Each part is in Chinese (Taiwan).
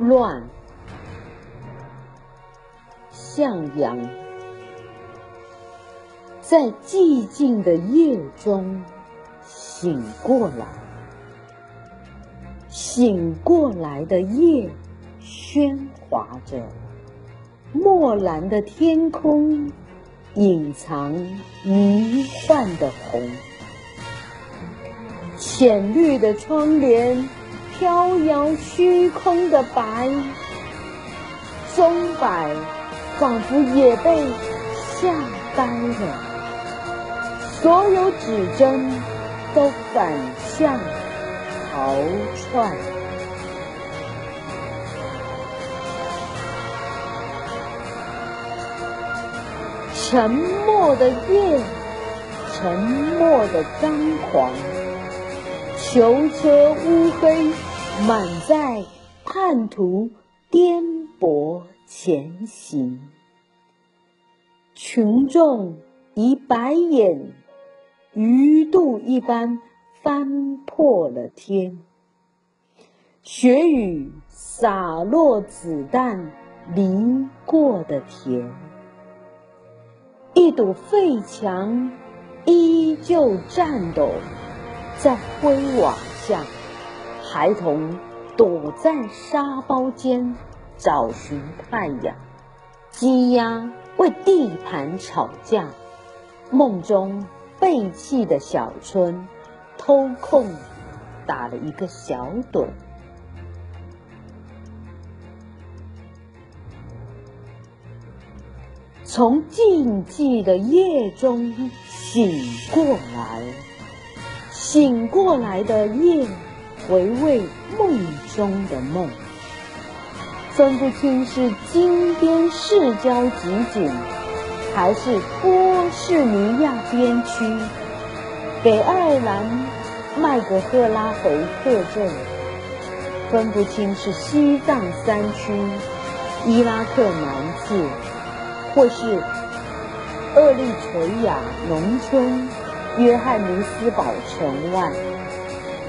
亂向陽，在寂靜的夜中醒過來。醒過來的夜，喧嘩着。墨藍的天空，隱藏迷幻的紅。淺綠的窗簾。飄搖虛空的白，鐘擺仿佛也被嚇呆了。所有指針都反向逃竄。沉默的夜，沉默的張狂，囚車烏黑。滿載叛徒，顛簸前行。群眾以白眼、魚肚一般翻破了天。血雨灑落，子彈犁過的田。一堵廢牆依舊顫抖，在灰瓦下。孩童躲在沙包間找尋太陽，雞鴨為地盤吵架。夢中被棄的小村，偷空打了一個小盹，從靜寂的夜中醒過來。醒過來的夜，回味夢中的夢，分不清是金邊市郊即景，還是波士尼亞邊區；北愛爾蘭麥格賀拉斐特鎮，分不清是西藏山區、伊拉克南界，或是厄利垂亞農村、約翰尼斯堡城外。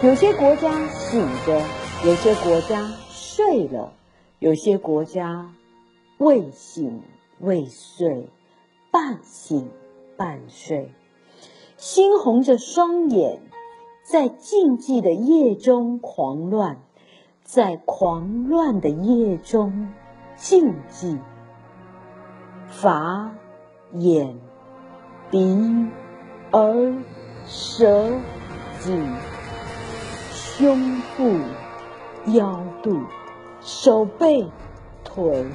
有些國家醒着，有些國家睡了，有些國家未醒未睡，半醒半睡，猩紅着雙眼，在靜寂的夜中狂亂，在狂亂的夜中靜寂。髮眼鼻耳舌頸胸部、腰肚、手臂、腿、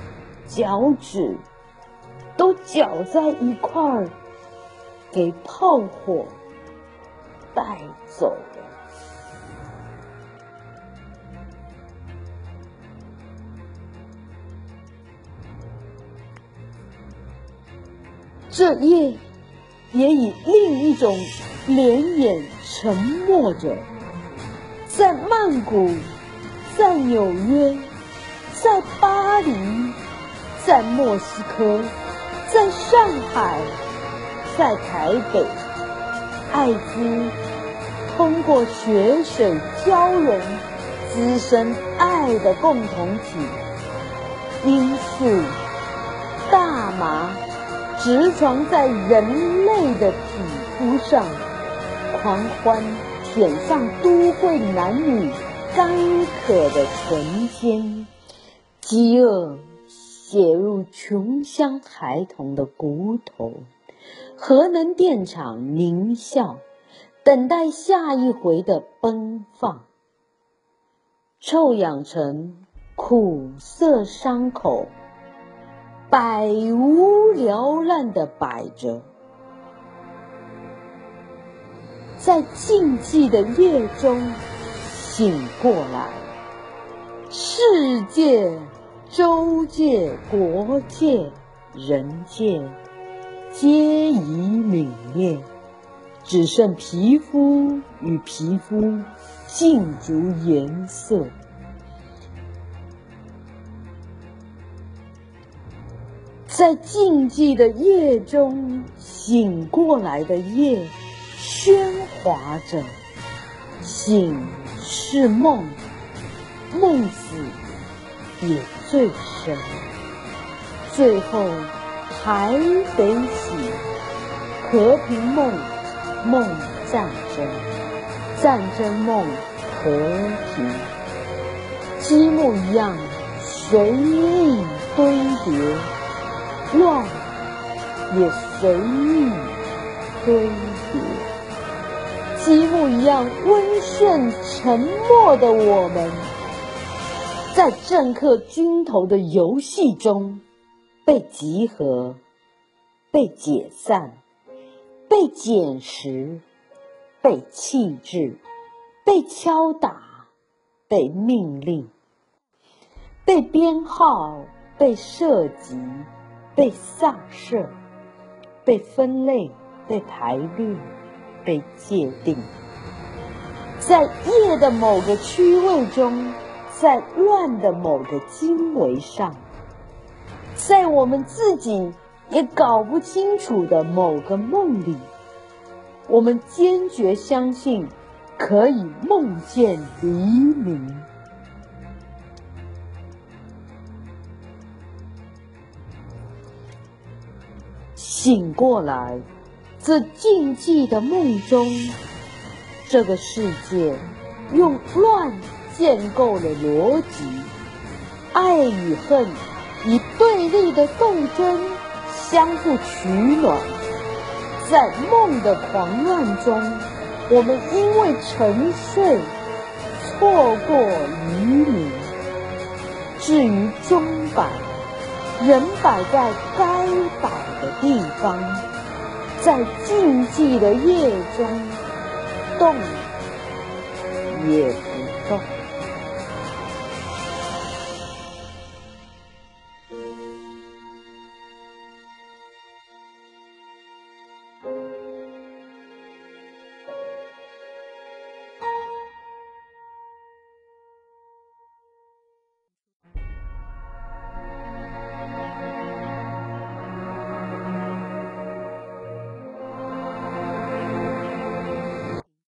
腳趾，都攪在一塊兒，給炮火帶走了。這夜也以另一種臉顏沉默着。在曼谷，在紐約，在巴黎，在莫斯科，在上海，在台北，愛滋通過血水交融滋生愛的共同體，罌粟、大麻植床在人類的體膚上狂歡。舔上都會男女乾渴的唇間，飢餓寫入窮鄉孩童的骨頭，核能電廠獰笑，等待下一回的奔放，臭氧層苦澀傷口，百無聊賴地擺着。在靜寂的夜中醒過來，世界、洲界、國界、人界，皆已泯滅，只剩皮膚與皮膚，競逐顏色。在靜寂的夜中醒過來的夜。喧嘩着，醒是夢，夢死也醉生，醉後還得醒，和平夢，夢戰爭，戰爭夢，和平。積木一樣隨意堆疊，亂也隨意堆疊。積木一樣溫順、沉默的我們，在政客軍頭的遊戲中，被集合、被解散、被撿拾、被棄置、被敲打、被命令、被編號、被設籍、被上色、被分類、被排列。被界定，在夜的某個區位中，在亂的某個經緯上，在我們自己也搞不清楚的某個夢裡，我們堅決相信，可以夢見黎明，醒過來。自靜寂的夢中，這個世界用亂建構了邏輯，愛與恨以對立的鬥爭相互取暖。在夢的狂亂中，我們因為沉睡，錯過黎明。至於鐘擺，仍擺在該擺的地方。在靜寂的夜中，動也不動。